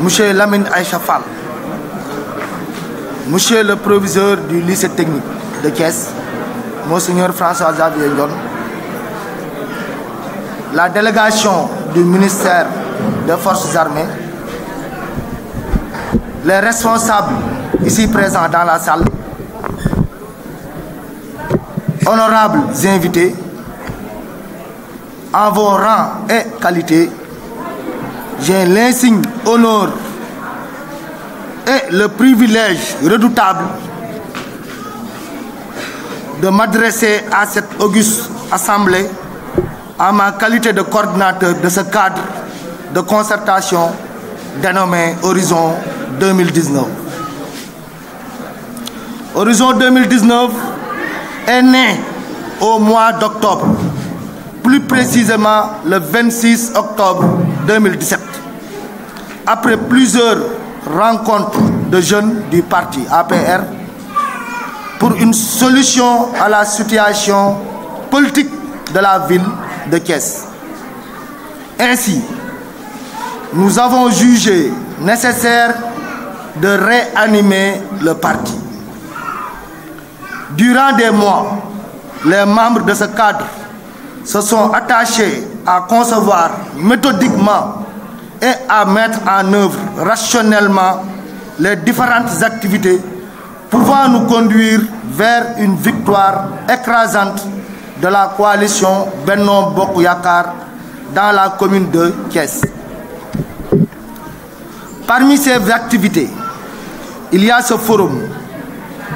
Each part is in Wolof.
Monsieur Lamine Aïchafal, Monsieur le proviseur du lycée technique de caisse Monseigneur François Xavier la délégation du ministère des Forces armées, les responsables ici présents dans la salle, honorables invités, en vos rangs et qualités, j'ai l'insigne honneur et le privilège redoutable de m'adresser à cette auguste assemblée à ma qualité de coordinateur de ce cadre de concertation dénommé Horizon 2019. Horizon 2019 est né au mois d'octobre plus précisément le 26 octobre 2017, après plusieurs rencontres de jeunes du parti APR pour une solution à la situation politique de la ville de Caisse. Ainsi, nous avons jugé nécessaire de réanimer le parti. Durant des mois, les membres de ce cadre se sont attachés à concevoir méthodiquement et à mettre en œuvre rationnellement les différentes activités pouvant nous conduire vers une victoire écrasante de la coalition Benno Bokuyakar dans la commune de Kies. Parmi ces activités, il y a ce forum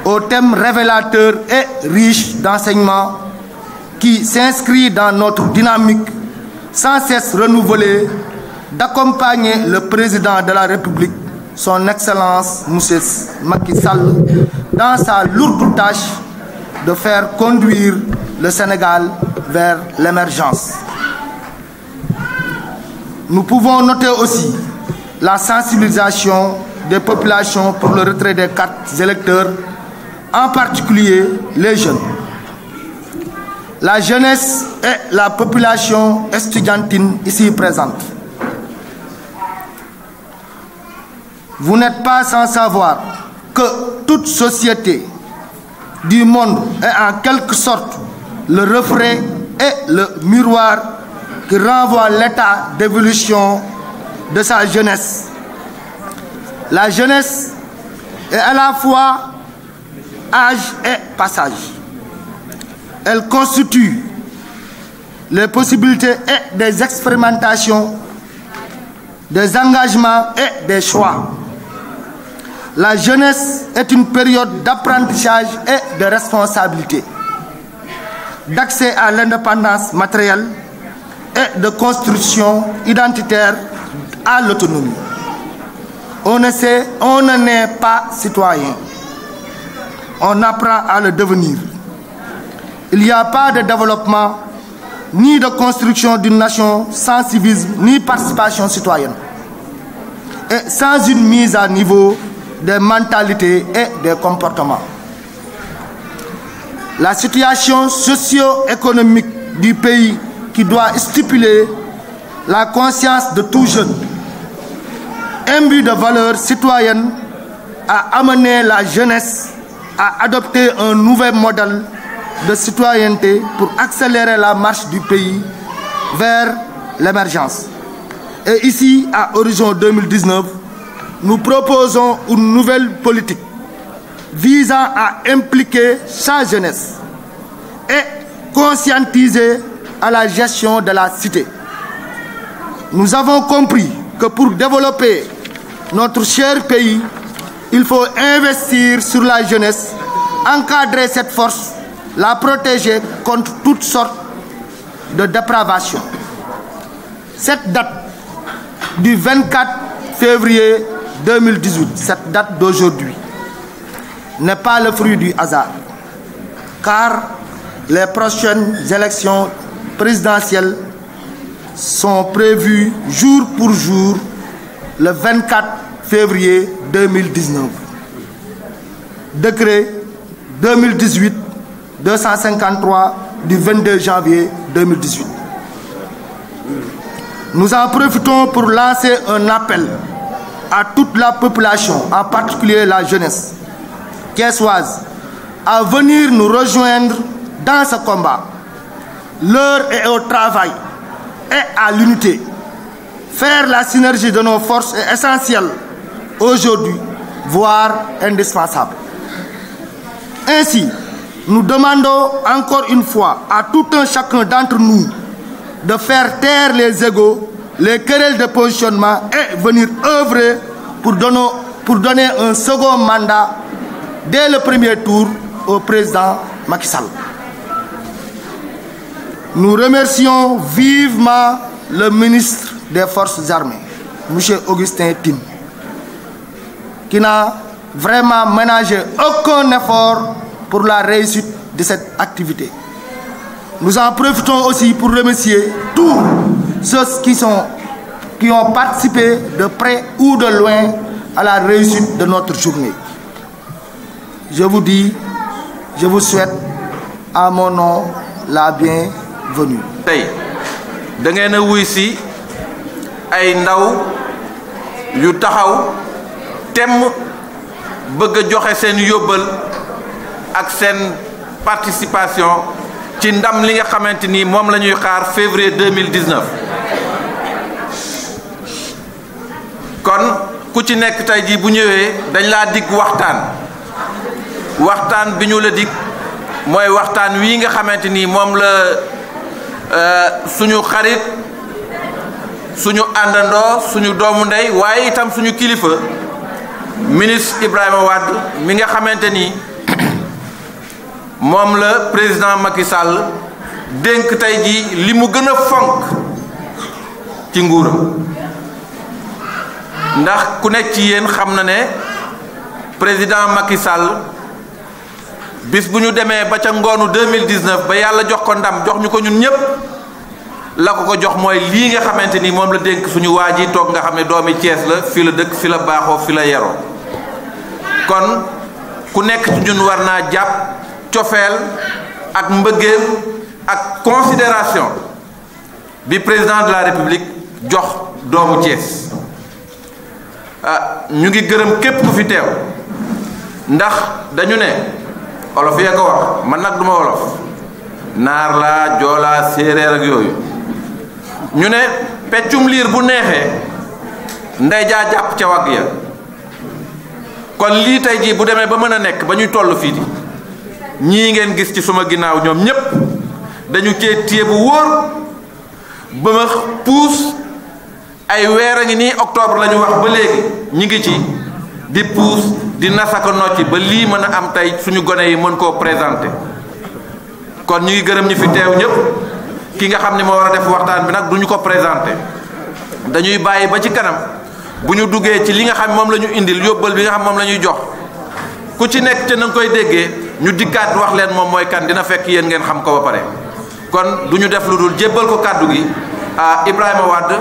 au thème révélateur et riche d'enseignements qui s'inscrit dans notre dynamique sans cesse renouvelée d'accompagner le président de la République, son Excellence Moussès Macky Sall, dans sa lourde tâche de faire conduire le Sénégal vers l'émergence. Nous pouvons noter aussi la sensibilisation des populations pour le retrait des cartes électeurs, en particulier les jeunes la jeunesse et la population estudiantine ici présente. Vous n'êtes pas sans savoir que toute société du monde est en quelque sorte le reflet et le miroir qui renvoie l'état d'évolution de sa jeunesse. La jeunesse est à la fois âge et passage. Elle constitue les possibilités et des expérimentations, des engagements et des choix. La jeunesse est une période d'apprentissage et de responsabilité, d'accès à l'indépendance matérielle et de construction identitaire à l'autonomie. On ne sait, on n'est pas citoyen. On apprend à le devenir. Il n'y a pas de développement ni de construction d'une nation sans civisme ni participation citoyenne et sans une mise à niveau des mentalités et des comportements. La situation socio-économique du pays qui doit stipuler la conscience de tout jeune, imbu de valeurs citoyennes, a amené la jeunesse à adopter un nouvel modèle de citoyenneté pour accélérer la marche du pays vers l'émergence. Et ici, à Horizon 2019, nous proposons une nouvelle politique visant à impliquer sa jeunesse et conscientiser à la gestion de la cité. Nous avons compris que pour développer notre cher pays, il faut investir sur la jeunesse, encadrer cette force la protéger contre toutes sortes de dépravations. Cette date du 24 février 2018, cette date d'aujourd'hui, n'est pas le fruit du hasard, car les prochaines élections présidentielles sont prévues jour pour jour le 24 février 2019. Décret 2018 253 du 22 janvier 2018. Nous en profitons pour lancer un appel à toute la population, en particulier la jeunesse soit à venir nous rejoindre dans ce combat. L'heure est au travail et à l'unité. Faire la synergie de nos forces est essentiel aujourd'hui, voire indispensable. Ainsi, nous demandons encore une fois à tout un chacun d'entre nous de faire taire les égaux, les querelles de positionnement et venir œuvrer pour donner, pour donner un second mandat dès le premier tour au président Macky Sall. Nous remercions vivement le ministre des Forces armées, M. Augustin Tim, qui n'a vraiment ménagé aucun effort pour la réussite de cette activité. Nous en profitons aussi pour remercier tous ceux qui, sont, qui ont participé de près ou de loin à la réussite de notre journée. Je vous dis, je vous souhaite à mon nom la bienvenue ak sen participation ci ndam li nga xamanteni mom lañuy xaar février 2019 kon ku ci nek tay ji bu ñëwé dañ la dig waxtaan waxtaan bi ñu la dig moy waxtaan wi nga xamanteni mom moom euh suñu xarit suñu andando suñu doomu ndey waye itam suñu kilifa ministre Ibrahima Wade mi nga xamanteni moom la président Macky Sall dénk tey ji li mu gën a fonk ci nguuram ndax ku nekk ci yéen xam na ne président Macky Sall bis bu ñu demee ba ca ngoonu 2019 ba yàlla jox ko ndam jox ñu ko ñun ñëpp la ko ko jox mooy lii nga xamante ni moom la dénk suñu waa ji toog nga xam ne doomi Cees la fi la dëkk fi la baaxoo fi la yaroo kon ku nekk ci ñun war naa jàpp cofeel ak mbëggeel ak considération bi président de la république jox doomu ah ñu ngi gëreum képp ku fi teew ndax dañu ne olof ya ko wax man nak duma wolof nar la jola séeréer ak yooyu ñu né peccum lire bu nexé ndey ja japp ci wag ya kon lii tey jii bu démé ba mëna a ba ñuy tollu fi di ñii ngeen gis ci suma ginnaaw ñoom ñépp dañu cee téye bu wóor ba ma puus ay weer a ngi nii octobre lañu wax ba léegi ñi ngi ci di puus di nasaka nocci ba lii mën a am tey suñu gone yi mën koo présenté kon ñu ngi gërëm ñi fi teew ñëpp ki nga xam ne moo war a def waxtaan bi nag duñu ko présenté dañuy bàyyi ba ci kanam bu ñu duggee ci li nga xam moom la ñu indil yóbbal bi nga xam moom la ñuy jox ku ci nekk te na koy déggee ñu dikkaat wax leen moom mooy kan dina fekk yéen ngeen xam ko ba pare kon du ñu def lu dul jébbal ko kàddu gi ah Ibrahima Wade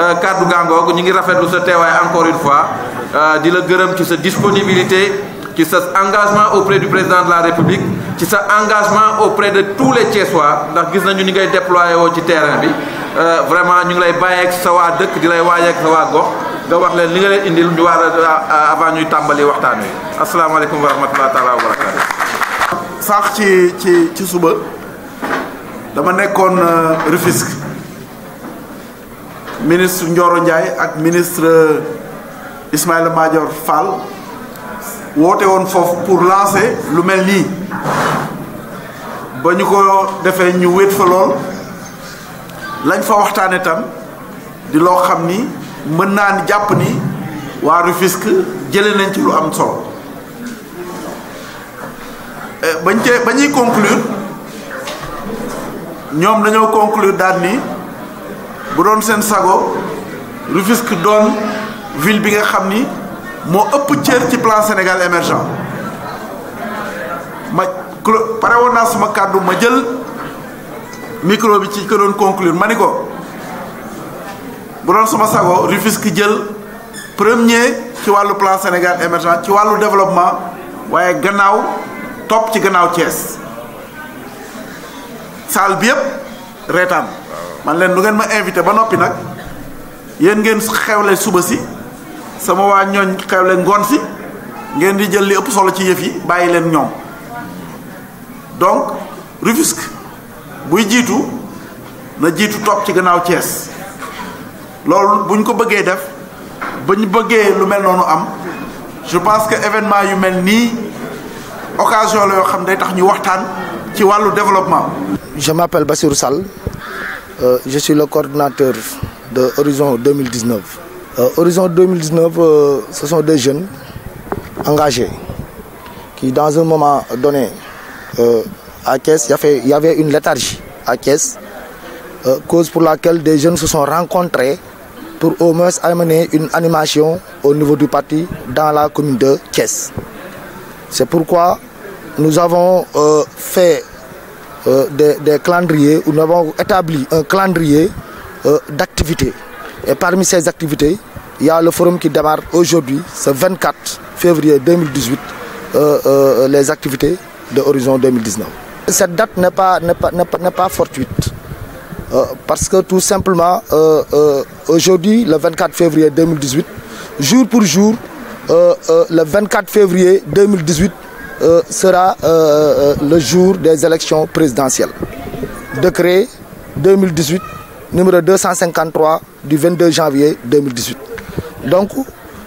euh, kàddu gàngoog ñu ngi rafetlu sa teewaay encore une fois euh, di la gërëm ci sa disponibilité ci sa engagement auprès du président de la République ci sa engagement auprès de tous les Thiessois ndax gis nañu ni ngay déployé woo ci terrain bi euh, vraiment ñu ngi lay bàyyeeg sa waa dëkk di lay waayeeg sa waa gox. nga wax leen li nga leen indil ñu war a avant ñuy tàmbali waxtaan wi asalaamaaleykum wa rahmatulah taalaa wa barakaatu. ci ci ci suba dama nekkoon euh, Rufisque ministre Ndioro Ndiaye ak ministre euh, Ismaïla Madior Fall woote woon foofu pour lancer lu mel nii ba ñu ko defee ñu wéet fa lool lañ fa waxtaane tam di loo xam ni. mën naa ni jàpp ni waa Rufisque jëlee nañ ci lu am solo eh, bañ cee ba ñuy conclure ñoom dañoo conclure daal ni bu doon seen sago Rufisque doon ville bi nga xam ni moo ëpp cër ci plan Sénégal émergent ma pare woon naa suma kàddu ma jël micro bi ci këroon doon ma ni ko. bu doon sama sago premier ci le plan Sénégal émergent ci wàllu développement waaye gannaaw topp ci gannaaw Thiès saal bi yëpp reetaan man leen lu ngeen ma invité ba noppi nag yéen ngeen xewle suba si sama waa ngeen di li ëpp solo ci yëf yi donc Rufisque buy jiitu na jiitu topp ci gannaaw loolu buñ ko bëggee def ba lu mel noonu am je pense que événement yu mel nii occasion la yoo xam day tax ñu waxtaan ci développement. je m'appelle Bassirou Sall euh, je suis le coordinateur de Horizon 2019. Euh, Horizon 2019 euh, ce sont des jeunes engagés qui dans un moment donné à Il y avait y avait une léthargie à euh, cause pour laquelle des jeunes se sont rencontrés pour au moins amener une animation au niveau du parti dans la commune de Thiès. C'est pourquoi nous avons euh, fait euh, des, calendriers, où nous avons établi un calendrier euh, d'activités. Et parmi ces activités, il y a le forum qui démarre aujourd'hui, ce 24 février 2018, les activités de Horizon 2019. Cette date n'est pas fortuite euh, parce que tout simplement, euh, euh, aujourd'hui, le 24 février 2018, jour pour jour, le 24 février 2018 sera le jour des élections présidentielles. Décret 2018, numéro 253 du 22 janvier 2018. Donc,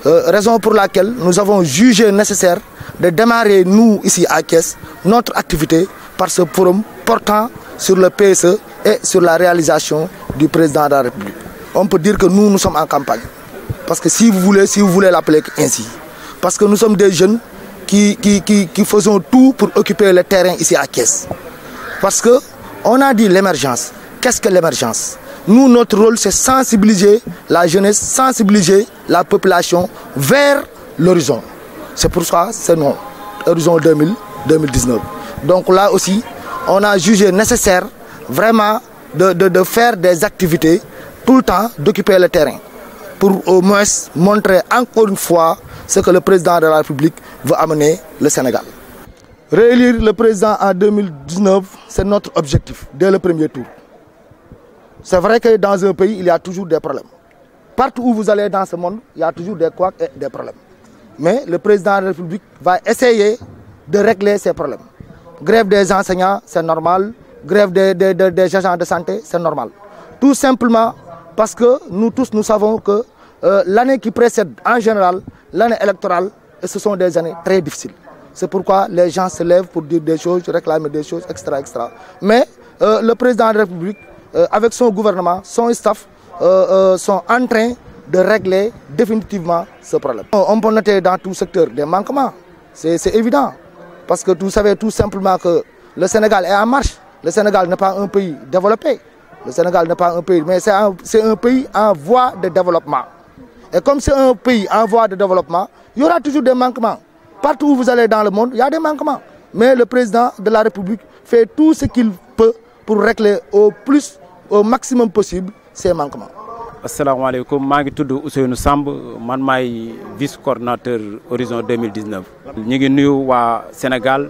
raison pour laquelle nous avons jugé nécessaire de démarrer, nous, ici à Caisse, notre activité par ce forum portant sur le PSE et sur la réalisation du président de la République. On peut dire que nous, nous sommes en campagne. Parce que si vous voulez, si vous voulez l'appeler ainsi. Parce que nous sommes des jeunes qui, qui, faisons tout pour occuper le terrain ici à Caisse. Parce que on a dit l'émergence. Qu'est-ce que l'émergence Nous, notre rôle, c'est sensibiliser la jeunesse, sensibiliser la population vers l'horizon. C'est pour ça, c'est non. Horizon 2000, 2019. Donc là aussi, on a jugé nécessaire vraiment de, faire des activités tout le temps, d'occuper le terrain pour au moins montrer encore une fois ce que le président de la République veut amener le Sénégal. Réélire le président en 2019, c'est notre objectif dès le premier tour. C'est vrai que dans un pays, il y a toujours des problèmes. Partout où vous allez dans ce monde, il y a toujours des couacs et des problèmes. Mais le président de la République va essayer de régler ces problèmes. Grève des enseignants, c'est normal grève des, agents de santé, c'est normal. Tout simplement parce que nous tous, nous savons que euh, l'année qui précède, en général, l'année électorale, ce sont des années très difficiles. C'est pourquoi les gens se lèvent pour dire des choses, réclamer des choses, etc. extra. Mais euh, le président de la République, euh, avec son gouvernement, son staff, sont en train de régler définitivement ce problème. On peut noter dans tout secteur des manquements, c'est évident. Parce que vous savez tout simplement que le Sénégal est en marche. Le Sénégal n'est pas un pays développé. Le Sénégal n'est pas un pays, mais c'est un, pays en voie de développement. Et comme c'est un pays en voie de développement, il y aura toujours des manquements. Partout où vous allez dans le monde, il y a des manquements. Mais le président de la République fait tout ce qu'il peut pour régler au plus, au maximum possible ces manquements. asalaamaaleykum je Ousseynou vice coordinateur Horizon 2019 Nous sommes au Sénégal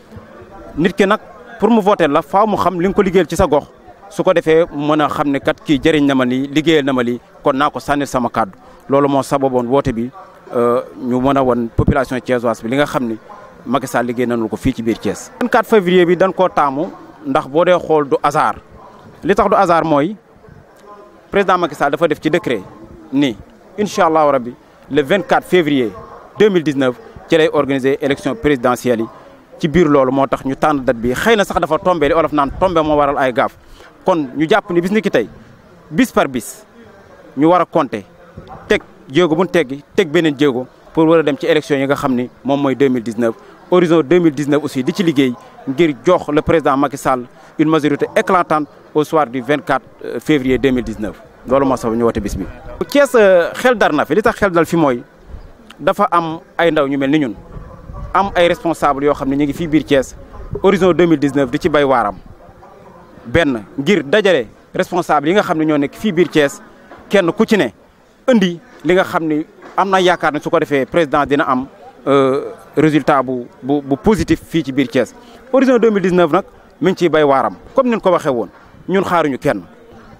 nit ki nag pour mu voter la faaw mu xam li nga ko liggéeyal ci sa gox su ko defee mën a xam ne kat kii jëriñ na ma li liggéeyal na ma li kon naa ko sànnil sama kàddu loolu moo sababoon woote bi euh, ñu mën a wan population thiessoise bi li nga xam ni Macky Sall liggéey nañu ko fii ci biir Thiès. 24 février bi dañ koo taamu ndax boo dee xool du hasard li tax du hasard mooy président Macky Sall dafa def ci décret ni incha allahu rabbi le 24 février 2019 ci lay organiser élection présidentielle yi. ci biir loolu moo tax ñu tànn date bi xëy na sax dafa tombé li olof naan tombé moo waral ay gaaf kon ñu jàpp ni bis ni ki tey bis par bis ñu war a compter teg jéego bu ñu teggi teg beneen jéego pour war a dem ci élection yi nga xam ni moom mooy 2019 horizon 2019 aussi di ci liggéey ngir jox le président Macky Sall une majorité éclatante au soir du 24 euh, février 2019 loolu moo sabab ñu woote bis bi. Thiès euh, xel dar na fi li tax xel dal fi mooy dafa am ay ndaw ñu mel ni ñun. am ay responsable yo xam ne ñu ngi fi biir Thiès horizon 2019 di ci bay waram ben ngir dajalé responsable yi nga xam ne ñoo nekk fii biir Thiès kenn ku ci ne indi li nga xam amna am na yaakaar ne su ko defee président dina am euh résultat bu bu positif fi ci biir Thiès horizon 2019 nak mi ci bay waram comme ni ko waxé won ñun xaaruñu kenn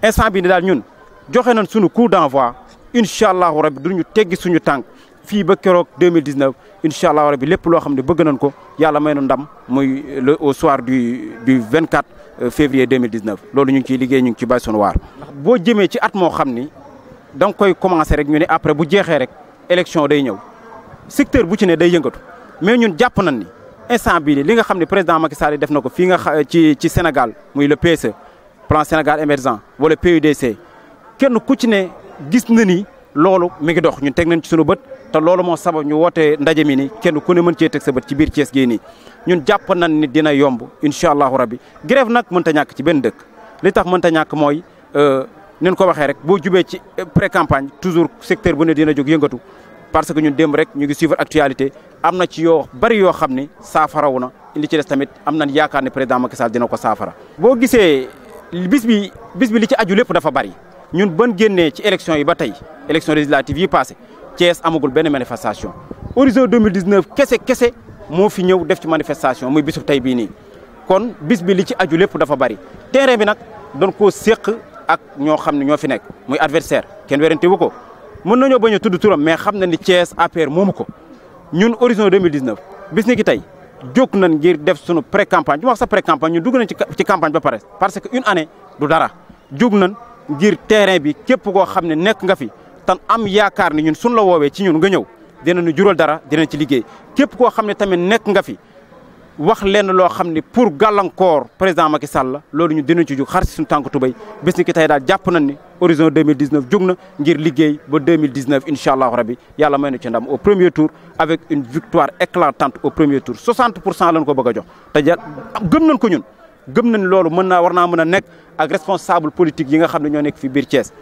instant bi ni daal ñun joxé nañ suñu coup d'envoi inshallah allahu rabi duñu téggi suñu tank fi ba kérok 2019 inshallah allah rabi lépp loo xam ne bëgg nañ ko yalla may ñu ndam muy le au soir du du 24 euh, février 2019 lolu ñu ngi ciy liggéey ñu ci bàyyi sunu war bo jëmee ci at mo xamni dang koy commencer rek ñu ne après bu jéxé rek élection day ñëw secteur bu ci né day yëngatu mais ñun japp nañ ni instant bii li nga xam président Macky Sall def nako fi nga ci ci Sénégal muy le PSE plan Sénégal émergent wala PUDC kenn ku ci né gis na ni lolu mi ngi dox ñun teg nañ ci sunu bët. te loolu moo sabab ñu woote ndaje mi ni kenn ku ne mën cee teg sa bët ci biir cees gii nii ñun jàpp nañ ni dina yomb incha allahu rabbi grève nag mën ta ñàkk ci benn dëkk li tax mën ta ñàkk mooy euh, nin ko waxee rek boo jubee ci euh, pré campagne toujours secteur bu ne dina jog yëngatu parce que ñun démb rek ñu ngi suivre actualité am na ci yoo bari yoo xam ni saafarawu na li ci des tamit am nañ yaakaar ne président Macky Sall dina ko saafara. boo gisee bis bi bis bi li ci aju lépp dafa bari ñun ban génnee ci élection yi ba tey élection législative yi passé cees amagul benn manifestation horizon 2019 kese kese moo fi ñëw def ci manifestation muy bisub tey bii nii kon bis bi li ci aju lépp dafa bari terrain bi nag doon koo séq ak ñoo xam ne ñoo fi nekk muy adversaire kenn werante wu ko mën nañoo bañ a tudd turam mais xam na ni Thiès APR moomu ko ñun de horizon 2019 bis ni ki tey jóg nañ ngir def sunu pré campagne du ma wax sa pré campagne ñun dugg nañ ci campagne ba parce que une année du dara jóg nañ ngir terrain bi képp koo xam ne nekk nga fi tan am yaakaar ni ñun suñ la woowee ci ñun nga ñëw ñu jural dara dina ci liggéey képp koo xam ne tamit nekk nga fi wax lenn loo xam ne pour gàllankoor président Macky Sall loolu ñu dina ci jug xar si suñu tànk tubéy bés ni ki tey daal jàpp nañ ni horizon 2019 jug na ngir liggéey ba 2019 incha allahu rabi yàlla may na ci ndam au premier tour avec une victoire éclatante au premier tour 60 pour cent lañ ko bëgg a jox te ja gëm nañ ko ñun gëm nañ loolu mën naa war naa mën a nekk ak responsable politique yi nga xam ne ñoo nekk fi biir Thiès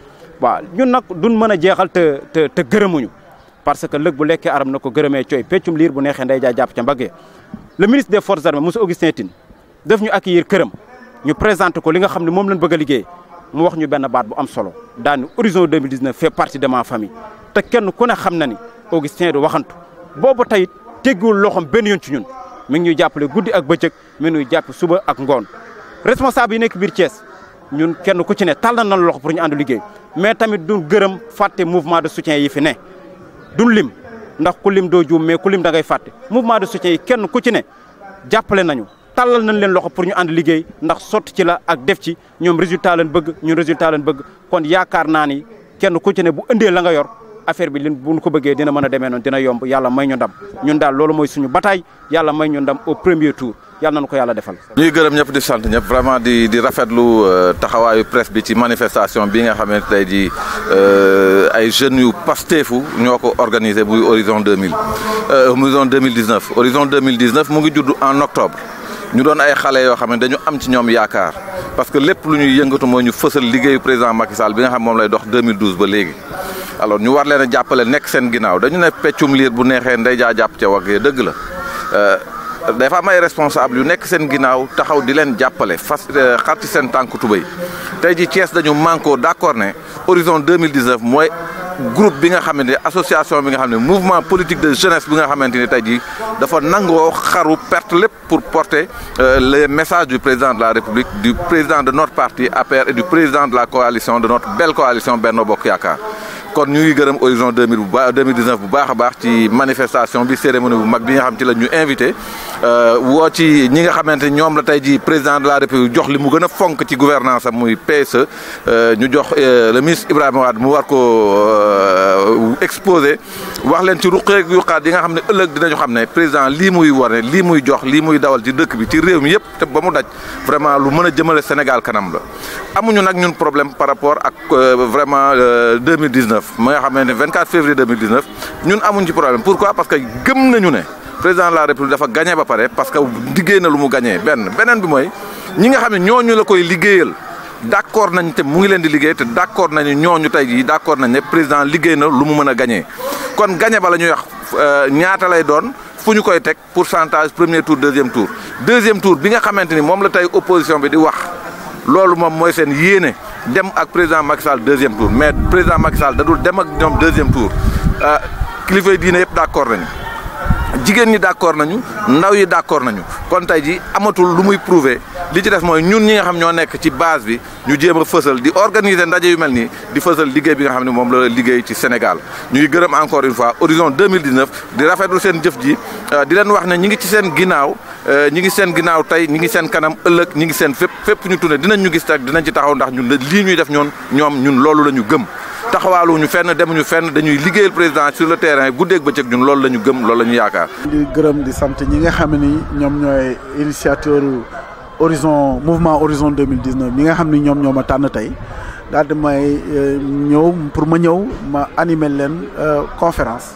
waaw ñun nag duñ mën a jeexal te te gërëmuñu parce que lëg bu lekkee aram na ko gërëmee cooy peccum liir bu neexee nday jaa jàpp ca mbaggee le ministre des forces armées monsieur Augustin Tine daf ñu accueillir këram ñu présenté ko li nga xam ne moom lañ bëgg liggéey mu wax ñu benn baat bu am solo daan horizon 2019 fait partie de ma famille te kenn ku ne xam na ni Augustin du waxantu boobu tey teggiwul loxoom benn yoon ci ñun mi ngi ñuy jàppale guddi ak bëccëg mi ngi suba ak nekk biir Thiès ñun kenn ku ci ne tàllal loxo pour ñu ànd liggéey mais tamit du gërëm fàtte mouvement de soutien yi fi ne duñ lim ndax ku lim doo juum mais ku lim da ngay fàtte mouvement de soutien yi kenn ku ci ne jàppale nañu tàllal nañ leen loxo pour ñu ànd liggéey ndax sotti ci la ak def ci ñoom résultat lañ bëgg ñun résultat lañ bëgg kon yaakaar naa ni kenn ku bu ëndee la nga yor affaire bi lin buñ ko bëggee dina mën a demee noonu dina yomb yàlla may ñu ndam ñun daal mooy suñu bataille yàlla may ñu ndam au premier tour yàlla nañu ko yàlla defal. ñuy gërëm ñëpp di sant ñëpp vraiment di di rafetlu euh, taxawaayu presse bi ci manifestation bi nga xamante tey jii euh, ay jeunes yu pasteefu ñoo ko organisé muy horizon 2000 euh, horizon 2019 horizon 2019 mu ngi judd en octobre. ñu doon ay xalé yo xam dañu am ci ñom yaakar parce que lepp lu ñuy yëngatu mooy ñu fësal liggéeyu président Macky Sall bi nga xam mom lay dox 2012 ba légui alors ñu war leena jappalé nek nekk seen ginnaaw dañu ne peccum lire bu nexé ndey ja japp ci wax deug la euh dafa responsables, responsable yu nek sen ginaaw taxaw di len jappalé euh, d'accord horizon 2019 groupe bi nga mouvement politique de jeunesse bi nga dafa perte pour porter euh, le message du président de la République du président de notre parti et du président de la coalition de notre belle coalition Benno Bokk kon ñu ngi gërëm horizon deux bu baax deux bu baax a baax ci manifestation bi cérémonie bu mag bi nga xam ci la ñu invité euh, woo ci ñi nga xamante ñoom la tey ji président de la république jox li mu gën a fonk ci gouvernance am muy PSE euh, ñu jox euh, le ministre Ibrahima Wade mu war ko exposé wax leen ci ruqeeg yuqaat yi nga xam ne ëllëg dinañu xam ne président lii muy wane lii muy jox lii muy dawal ci dëkk bi ci réew mi yëpp te ba mu daj vraiment lu mën a jëmale Sénégal kanam la amuñu nag ñun problème par rapport ak vraiment 2019 24 février 2019 nous avons un problème pourquoi parce que gëm ne président de la république a gagné parce que na lu gagné nous nous bi gagné, ñi nga gagné. la nous avons président na lu gagné Nous avons gagné avons gagné ba la avons wax euh, ñaata lay pourcentage premier tour deuxième tour deuxième tour bi nga avons gagné. la opposition dem ak président Macky Sall deuxième tour mais président Macky dadul da dul dem ak ñoom deuxième tour euh, kilifa diine yëpp d'accord nañu. jigéen ñi d'accord nañu ndaw yi d'accord nañu kon tey ji amatul lu muy prouver li ci def mooy ñun ñi nga xam ñoo nekk ci base bi ñu jéem a fësal di organiser ndaje yu mel ni di fësal liggéey bi nga xam ne moom la liggéey ci Sénégal ñu ngi gërëm encore une fois horizon 2019 di rafetlu seen jëf ji euh, di leen wax ne ñi ngi ci seen ginnaaw euh, ñi ngi seen ginnaaw tey ñi ngi seen kanam ëllëg ñi ngi seen fépp fépp ñu tune dinañ ñu gis teg dinañ ci taxaw ndax ñun lii ñuy def ñoon ñoom ñun loolu la ñu gëm taxawalu ñu fenn demu ñu fenn dañuy liggéeyal président sur le terrain ak bëcëk ñun loolu lañu gëm loolu lañu ñu yaakaar. di gërëm di sant ñi nga xam ni ñoom ñooy initiateur horizon mouvement horizon 2019 mi nga xam ni ñoom ñoo ma tànn tey daal di may euh, ñëw pour ma ñëw ma animer leen euh, conférence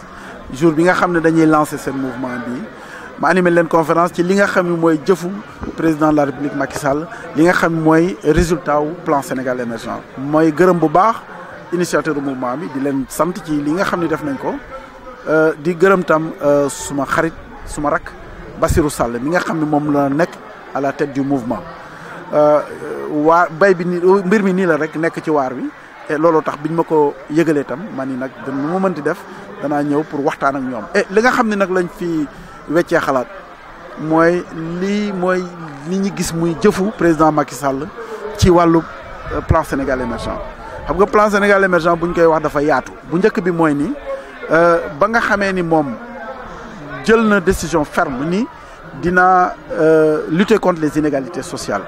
jour bi nga xam ne dañuy lancer seen mouvement bi. ma animé leen conférence ci li nga xam ni mooy jëfu président de la république Macky Sall li nga xam ni mooy résultat wu plan Sénégal émergent mooy gërëm bu baax. initiateur mouvement bi di leen sant ci li nga xam ne def nañ ko euh, di gërëm tam euh, suma xarit suma rak Basirou Sall mi nga xam ne moom la nekk à la tête du mouvement euh, waa bay bi ni mbir mi nii la rek nekk ci waar bi looloo tax bi ñu ma ko yëgalee tam man ni nag nu ma mënti def danaa ñëw pour waxtaan ak ñoom li nga xam ne nag lañ fi weccee xalaat mooy li mooy li ñu gis muy jëfu président Macky sàll ci wàllu plan Sénégal émergent xam nga plan Sénégal émergent bu ñu koy wax dafa yaatu bu njëkk bi mooy ni euh, ba nga xamee ni moom jël na décision ferme ni dina euh, lutter contre les inégalités sociales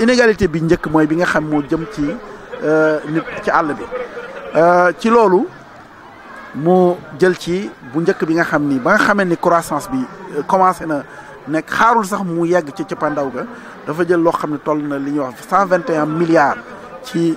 inégalité bi njëkk mooy bi nga xam moo jëm ci euh, nit ci àll bi ci loolu mu jël ci bu njëkk bi nga xam ni ba nga xamee ni croissance bi commencé na nekk xaarul sax mu yegg ci cëppandaw ga dafa jël loo xam ne toll na li ñuy wax cent vingt et un milliards ci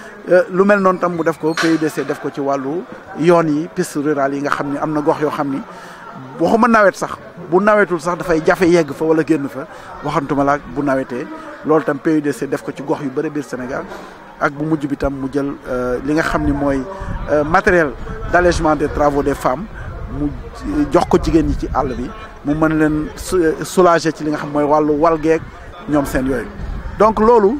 Euh, lu mel noonu tam mu def ko PUDC def ko ci wàllu yoon yi piste rurale yi nga xam ni am na gox yoo xam ni waxuma nawet sax bu nawetul sax dafay jafe yegg fa wala génn fa waxantuma laak bu nawetee loolu tam PUDC def ko ci gox yu bëri biir Sénégal ak bu mujj bi tam mu jël euh, li nga xam ni mooy euh, matériel d'allègement des travaux des femmes mu jox ko jigéen ñi ci àll bi mu mën leen soulager ci li nga xam mooy wàllu wal geeg ñoom seen yooyu donc loolu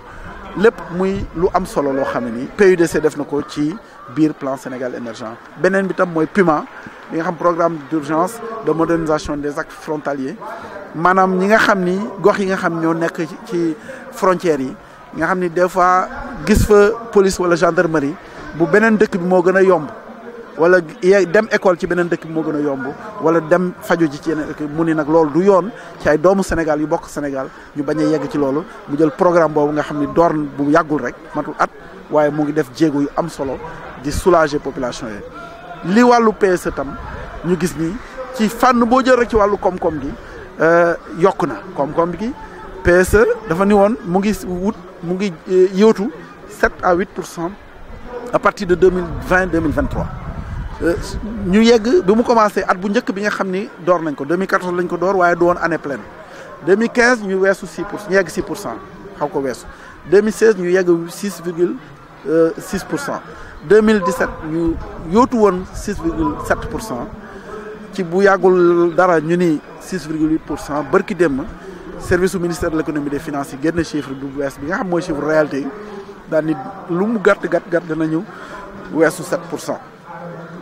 lépp muy lu am solo loo xam ne ni PUDC def na ko ci biir plan Sénégal émergent beneen bi tam mooy PUMA li nga xam programme d'urgence de modernisation des actes frontaliers maanaam ñi nga xam ni gox yi nga xam ñoo nekk ci frontières yi nga xam ni des fois gis fa police wala gendarmerie bu beneen dëkk bi moo gën yomb wala dem école ci beneen dëkk moo gën a yomb wala dem faju ji ci yeneen mu ni nag loolu du yoon ci ay doomu Sénégal yu bokk Sénégal ñu bañ a yegg ci loolu mu jël programme boobu nga xam ni door bu yàggul rek matul at waaye mu ngi def jéego yu am solo di soulager population yi li wàllu PSE tam ñu gis nii ci fànn boo jël rek ci wàllu koom-koom gi euh, yokk na koom-koom gi PSE dafa ni woon mu ngi wut mu ngi euh, yóotu 7 à 8 pour cent à partir de 2020 2023 ñu yegg bi mu commencé at bu njëkk bi nga xam ni nañ ko 2014 lañ ko door waaye du woon année pleine 2015 ñu weesu 6 pour 6 pour xaw ko weesu 2016 ñu yegg 6 virgule 6 euh, 2017 ñu yóotu woon 6 virgule 7 pour cent ci bu yàggul dara ñu ni 6 virgule 8 service ministère de l'Économie et des finances yi génn chiffre bu wees bi nga xam mooy chiffre réalité yi daal ni lu mu gàtt gàtt gàtt weesu 7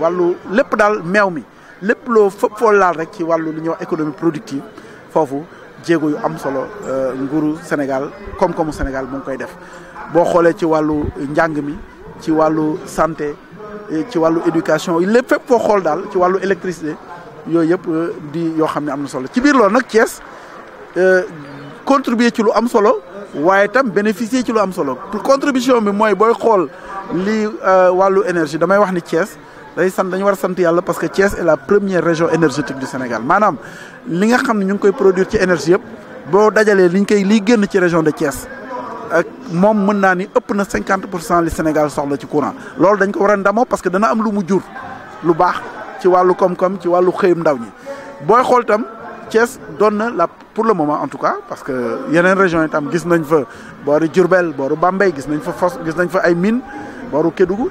wàllu lepp dal meew mi lépp loo fépp foo laal rek ci wàllu lu économie productive fofu jéego yu am solo euh, nguru Sénégal comme comme Sénégal mu koy def bo xolé ci wàllu njàng mi ci wàllu santé ci wàllu éducation lépp fépp fo xol dal ci wàllu électricité yooyu yep euh, di yo xamni amna solo ci biir loolu nag Thiès euh, contribuer ci lu am solo waye tam bénéficier ci lu am solo pour contribution bi moy boy xol li wàllu énergie damay wax ni Thiès day sant dañu war sant yàlla parce que Thiès est la première région énergétique du Sénégal maanaam li nga xam ne ñu ngi koy produire ci énergie yëpp boo dajalee liñ koy liy génn ci région de Thiès ak moom mën naa ni ëpp na 50 pour cent li Sénégal soxla ci courant loolu dañ ko war a ndamoo parce que dana am lu mu jur lu baax ci wàllu koom-koom ci wàllu xëyum ndaw ñi booy xool tam Thiès doon na la pour le moment en tout cas parce que yeneen région itam gis nañ fa booru Diourbel booru Bambey gis nañ fa fos gis nañ fa ay mine booru Kédougou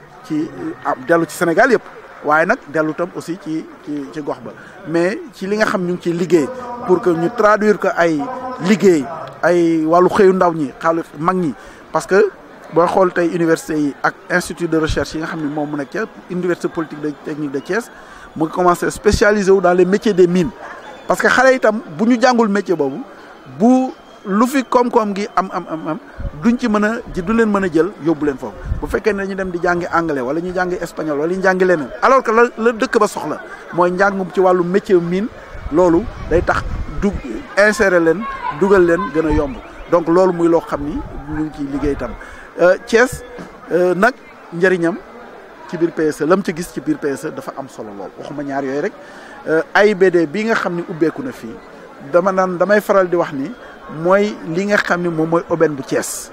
ci ah, delu ci Sénégal yëpp waaye nag delu tam aussi ci ci ci gox ba mais ci li nga xam ñu ngi ciy liggéey pour que ñu traduire que ay liggéey ay wàllu xëyu ndaw ñi xaalu mag ñi parce que booy xool tey université yi ak institut de recherche yi nga xam ne moom mu nekk ca université politique de technique de Thiès mu ngi commencé spécialisé wu dans les métiers des mines parce que xale itam bu ñu jàngul métier boobu bu lu fi gi am am am am duñ ci mën a ji du leen mën a jël yóbbu leen foofu bu fekkee ne dañu dem di jàngi anglais wala ñu jàngi espagnol wala ñu jàngi leneen alors que la la dëkk ba soxla mooy njàngum ci wàllu métier mine loolu day tax du insérer leen dugal leen gën a yomb donc loolu muy loo xam ni ñu ngi liggéey tam euh, Thiès euh, nag njëriñam ci biir PSE lam ci gis ci biir PSE dafa am solo lool waxuma ñaar yooyu rek euh, AIBD bi nga xam ni ubbeeku na fii dama naan damay faral di wax ni moy li nga xam ne moy obène aubaine bu Thiès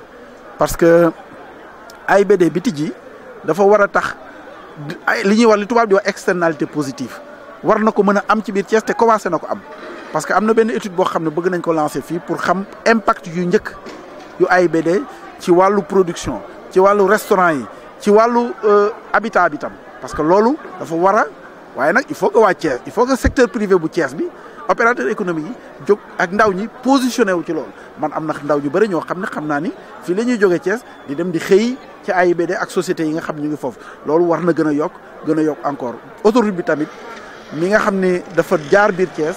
parce que AIBD bi tijji dafa wara tax li ñuy wax li tubaab di wax externalité positive war na ko mën a am ci biir Thiès te commencé na ko am parce que am na benn étude boo xam ne bëgg nañ ko lancer fii pour xam impact yu njëkk yu AIBD ci wàllu production ci wàllu restaurant yi ci wàllu euh, habitat bi tam parce que loolu dafa war a waaye nag il faut que waa Thiès il faut que secteur privé bu Thiès bi opérateur économique yi jóg ak ndaw ñi positionné wu ci loolu man am na ndaw ñu bëri ñoo xam ne ni fii la ñuy jóge di dem di xëy ci AIBD ak société yi nga xam ñu ngi foofu yok war na gën a yokk gën encore autoroute bi tamit mi nga xam dafa jaar biir Thiès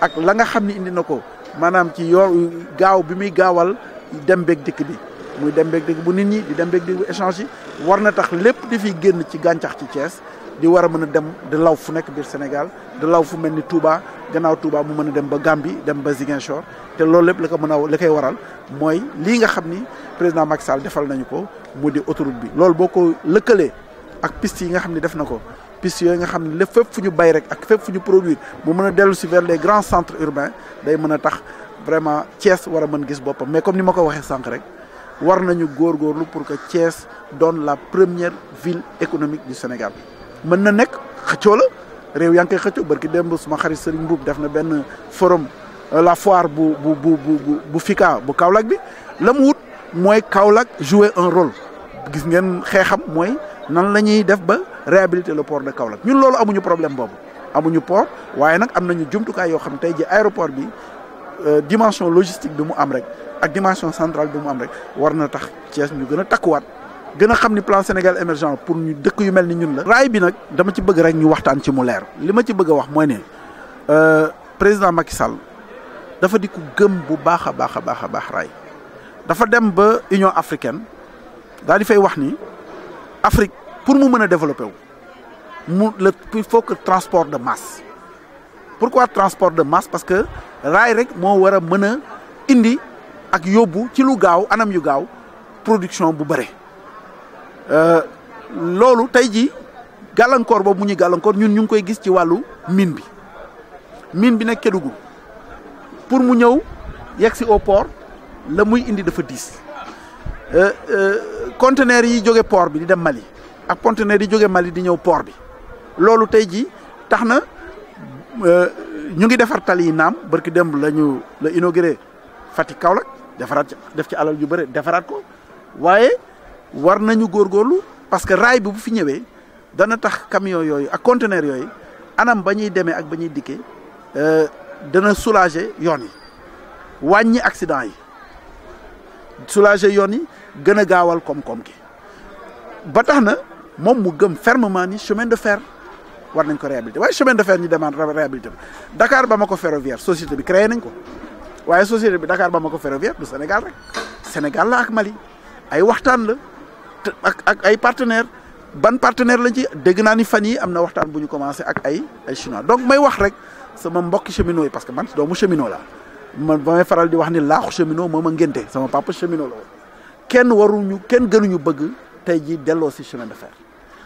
ak la nga xam indi na ko maanaam ci yoon gaaw bi muy gaawal dem beeg dikk bi muy dem beeg dikk bu nit ñi di dem beeg dikk bu échange war na tax lépp di fiy génn ci ci di war a mën a dem di law fu nekk biir Sénégal di law fu mel ni Touba gannaaw Touba mu mën a dem ba Gambie dem ba Ziguinchor te loolu lépp la ko mën a la koy waral mooy lii nga xam ni président Macky Sall defal nañu ko mu di autoroute bi. loolu boo ko lëkkalee ak piste yi nga xam ni def na ko piste yooyu nga xam ne fépp fu ñu bay rek ak fépp fu ñu produire mu mën a dellu si vers les grands centres urbains day mën a tax vraiment Thiès war a mën gis boppam mais comme ni ma ko waxee sànq rek. war nañu góorgóorlu pour que Thiès donne la première ville économique du Sénégal mën na nekk xëccoo la réew yaa ngi koy xëccoo barki démb suma xarit Serigne Mbuub def na benn forum euh, la foire bu bu bu bu bu fika bu Kaolack bi la mu wut mooy Kaolack jouer un rôle gis ngeen xeexam mooy nan la ñuy def ba réhabiliter le port de Kaolack ñun loolu amuñu problème boobu amuñu port waaye nag am nañu jumtukaay yoo xam tey ji aéroport bi euh, dimension logistique bi mu am rek ak dimension centrale bi mu am rek war na tax Thiès ñu gën a takkuwaat gëna xamni plan Sénégal émergent pour ñu dëkk yu melni ñun la. raay bi nak dama ci bëgg rek ñu waxtaan ci mu leer li ma ci bëgg wax mooy ne euh, président Macky Sall dafa di ku gëm bu baax a baax a baax a baax raay dafa dem ba Union africaine daal di fay wax ni Afrique pour mu mën a développé wu mu le il faut que transport de masse pourquoi transport de masse parce que raay rek moo war a mën a indi ak yóbbu ci lu gaaw anam yu gaaw production bu bare. Euh, loolu tey jii gàllankoor boobu mu ñuy gàllankoor ñun ñu koy gis ci minbi mine bi mine bi nag Kédougou pour mu au port la muy indi dafa diis euh, euh, conteneur yi jóge port bi di dem Mali ak conteneur yi jóge Mali di ñëw port bi loolu tey jii tax na ñu ngi defar tali yi naam barki démb la ñu la inauguré Fatick Kaolack def ci alal ju ko war nañu góorgóorlu parce que raay bi bu fi ñëwee dana tax camion yooyu ak conteneur yooyu anam ba ñuy demee ak ba ñuy dikkee euh, dana soulager yoon yi accident yi soulager yoon yi gën a gaawal koom-koom gi ba tax na mu gëm fermement ni chemin de fer war nañ ko réhabiliter waaye chemin de fer ñu demande réhabiliter Dakar Bamako ferroviaire société bi créé nañ ko waaye société bi Dakar Bamako ferroviaire du Sénégal rek Sénégal la ak Mali ay waxtaan la. ak ak ay partenaires ban partenaire lañ ci dégg naa ni fan yi am na waxtaan bu ñu commencé ak ay ay chinois donc may wax rek sama mbokki cheminot yi parce que man doomu cheminot la man ba may faral di wax ni laaxu cheminot moom a ngénte sama papa cheminot la woon kenn waruñu kenn gënuñu bëgg tey jii delloo si chemin de fer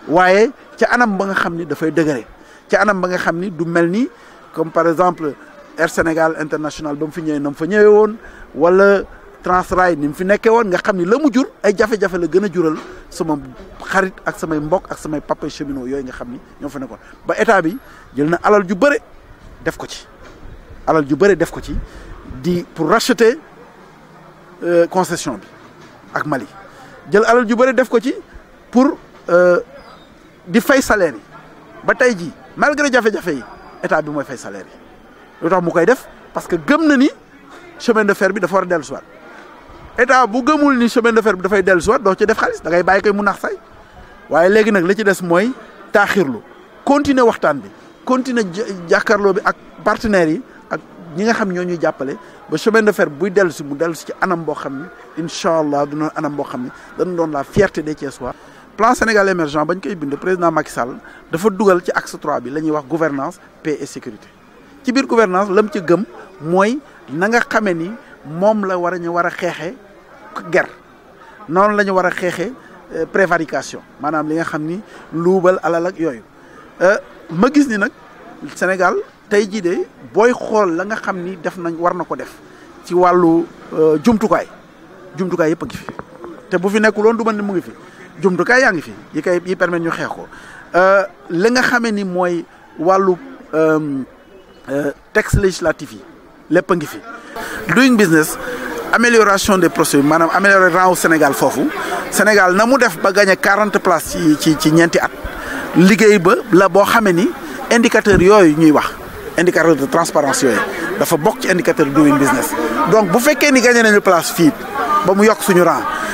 waaye ci anam ba nga xam ni dafay dëgëre ci anam ba nga xam ni du mel ni comme par exemple Air Sénégal International ba mu fi ñëwee na fa ñëwee woon wala. Transrail ni mu fi nekkee woon nga xam ni la mu jur ay jafe-jafe la gën a jural sama xarit ak samay mbokk ak samay papa cheminot yooyu nga xam ni ñoo fa nekkoon ba état bi jël na alal ju bëre def ko ci alal ju bëre def ko ci di pour racheter euh, concession bi ak Mali jël alal ju bëre def ko ci pour euh, di fay salaire yi ba tey jii malgré jafe-jafe yi état bi mooy fay salaire yi lu tax mu koy def parce que gëm na ni chemin de fer bi dafa war a dellusiwaat état bu gëmul ni chemin de fer bi dafay dellusiwaat doo ci def xaalis da ngay bàyyi koy mu nax say waaye léegi nag li ci des mooy taaxiirlu continuer waxtaan bi continuer jàkkaarloo bi ak partenaire yi ak ñi nga xam ñoo ñuy jàppale ba chemin de fer buy si mu si ci anam boo xam ne incha allah dina anam boo xam ne dana doon la de des Thiessois. plan Sénégal émergent bañ koy bind président Macky Sall dafa dugal ci axe 3 bi la ñuy wax gouvernance sécurité ci biir gouvernance lam ci gëm mooy na nga xamee ni. moom la wara ñu war a ger non la ñu war a xeexee euh, prévarication maanaam li nga xam ni luubal alal ak yooyu euh, ma gis ni nag Sénégal tey jii de boy xool la nga xam ni def nañ war na ko def ci wàllu euh, jumtukaay jumtukaay yëpp a ngi fi te bu fi du man ni mu ngi fi jumtukaay yaa ngi fi yi kay yi permettre ñu xeex ko la nga xamee ni mooy wàllu texte législatif yi. Les a ngi fi. doing business amélioration des procédures manam améliorer rang au Sénégal fofu. Sénégal na def ba gagné 40 places ci ci ci ñeenti at liggéey ba la bo xamé ni indicateur yoy ñuy wax indicateur de transparence yooyu dafa bokk ci indicateur doing business donc bu fekké ni gagné nañu place fi ba mu yok suñu rang.